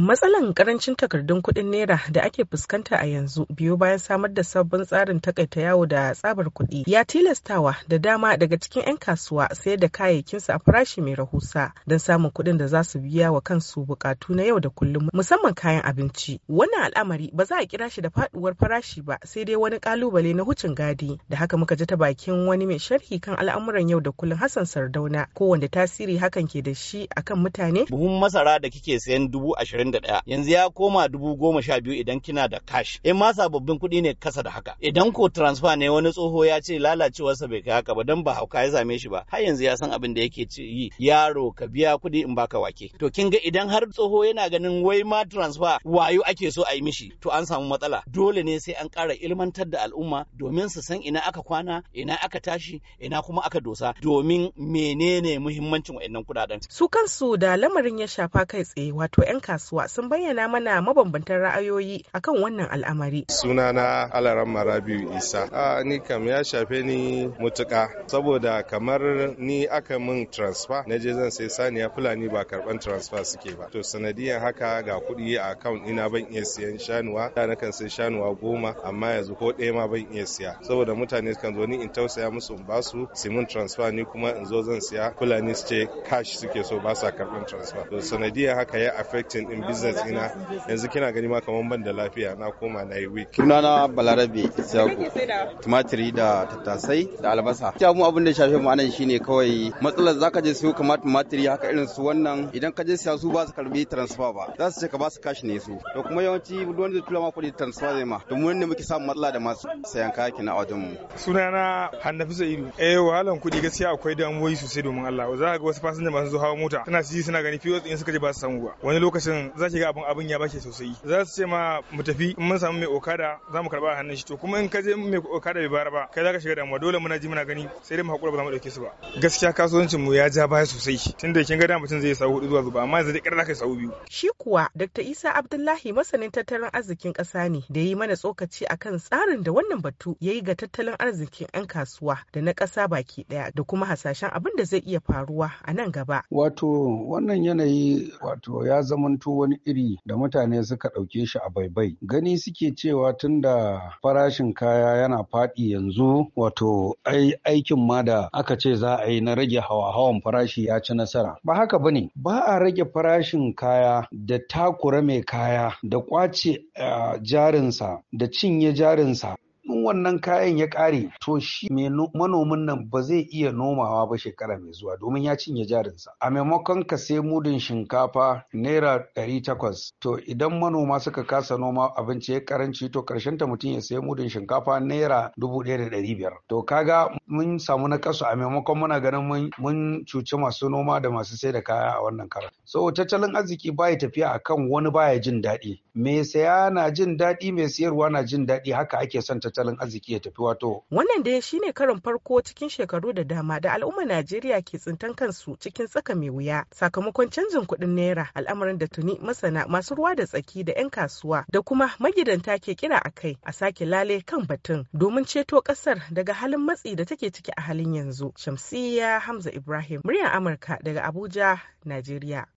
Matsalan karancin takardun kuɗin naira da ake fuskanta a yanzu biyo bayan samar da sabbin tsarin takaita yawo da tsabar kuɗi ya tilastawa da dama daga cikin 'yan kasuwa sayar da kayayyakinsu a farashi mai rahusa don samun kuɗin da za su biya wa kansu bukatu na yau da kullum musamman kayan abinci. Wannan al'amari ba za a kira shi da faduwar farashi ba sai dai wani kalubale na hucin gadi da haka muka ji ta bakin wani mai sharhi kan al'amuran yau da kullum Hassan Sardauna kowanne tasiri hakan ke da shi akan mutane. Buhun masara da kike sayan dubu yanzu ya koma dubu goma sha biyu idan kina da cash in ma sababbin kuɗi ne kasa da haka idan ko transfer ne wani tsoho ya ce lalacewarsa bai kai haka ba dan ba hauka ya same shi ba har yanzu ya san abin da yake ci yi yaro ka biya kuɗi in baka wake to kin ga idan har tsoho yana ganin wai ma transfer wayo ake so a yi mishi to an samu matsala dole ne sai an ƙara ilmantar da al'umma domin su san ina aka kwana ina aka tashi ina kuma aka dosa domin menene muhimmancin wa'annan kuɗaɗen su kansu da lamarin ya shafa kai tsaye wato 'yan kasuwa sun bayyana mana mabambantan ra'ayoyi akan wannan al'amari. Sunana Alaran Marabi Isa. A ni kam ya shafe ni mutuka saboda kamar ni aka min transfer na je zan sai saniya Fulani ba karban transfer suke ba. To sanadiyan haka ga kuɗi a account ina ban iya siyan shanuwa da na kan sai shanuwa goma amma yanzu ko ɗaya ma ban iya siya saboda mutane kan zo ni in tausaya musu in basu simin transfer ni kuma in zo zan siya Fulani su ce cash suke so ba sa karban transfer. To sanadiyan haka ya affecting din harkan business ina yanzu kina gani ma kaman ban da lafiya na koma na yi week na balarabe tumatiri da tattasai da albasa ta mu abin da shafe ma anan shine kawai matsalar zaka je siyo kamar tumatiri haka irin su wannan idan ka je siya su ba su karbi transfer ba za su ce ka ba su cash ne su to kuma yawanci duk wanda tula ma kudi transfer zai ma to mun ne muke samun matsala da masu sayan kayaki na wajen mu sunana hannafi sa'idu eh wahalan kuɗi gaskiya akwai damuwoyi sosai domin Allah za ka ga wasu fasinja masu zo hawa mota suna siyi suna gani fiyo in suka je ba su samu ba wani lokacin za ki ga abin abin ya bashi sosai za su ce ma mu tafi in mun samu mai okada za mu karba a hannun shi to kuma in ka je mai okada bai bara ba kai za ka shiga damuwa dole muna ji muna gani sai dai mu hakura ba za mu dauke su ba gaskiya kasuwancin mu ya ja baya sosai tunda kin ga da mutum zai sa hudu zuwa zuba amma yanzu dai kar za ka biyu shi kuwa Dr. Isa Abdullahi masanin tattalin arzikin kasa ne da yi mana tsokaci akan tsarin da wannan batu ya yi ga tattalin arzikin 'yan kasuwa da na ƙasa baki ɗaya da kuma hasashen abin da zai iya faruwa a nan gaba. Wato wannan yanayi wato ya zamanto wani iri da mutane suka ɗauke shi a baibai gani suke cewa tun da farashin kaya yana faɗi yanzu wato ai aikin ma da aka ce za a yi na rage hawa-hawan farashi ya ci nasara ba haka ba ne ba a rage farashin kaya da takura mai kaya da kwace eh, jarinsa da cinye jarinsa wannan kayan ya ƙare to shi manomin nan ba zai iya nomawa ba shekara mai zuwa domin ya cinye jarinsa a maimakon ka sai mudin shinkafa naira ɗari takwas to idan manoma suka kasa noma abinci ya karanci to karshen ta mutum ya sai mudin shinkafa naira dubu ɗaya da ɗari biyar to kaga mun samu na kasu a maimakon muna ganin mun cuci masu noma da masu sai da kaya a wannan karan so tattalin arziki baya tafiya akan wani baya jin daɗi mai saya na jin daɗi mai sayarwa na jin daɗi haka ake son tattalin tattalin arziki ya tafi wato. Wannan dai shine karin farko cikin shekaru da dama da al'ummar Najeriya ke tsintan kansu cikin tsaka mai wuya sakamakon canjin kuɗin naira al'amarin da tuni masana masu ruwa da tsaki da 'yan kasuwa da kuma magidanta ke kira a kai a sake lale kan batun domin ceto ƙasar daga halin matsi da take ciki a halin yanzu. Shamsiyya Hamza Ibrahim, muryar Amurka daga Abuja, Najeriya.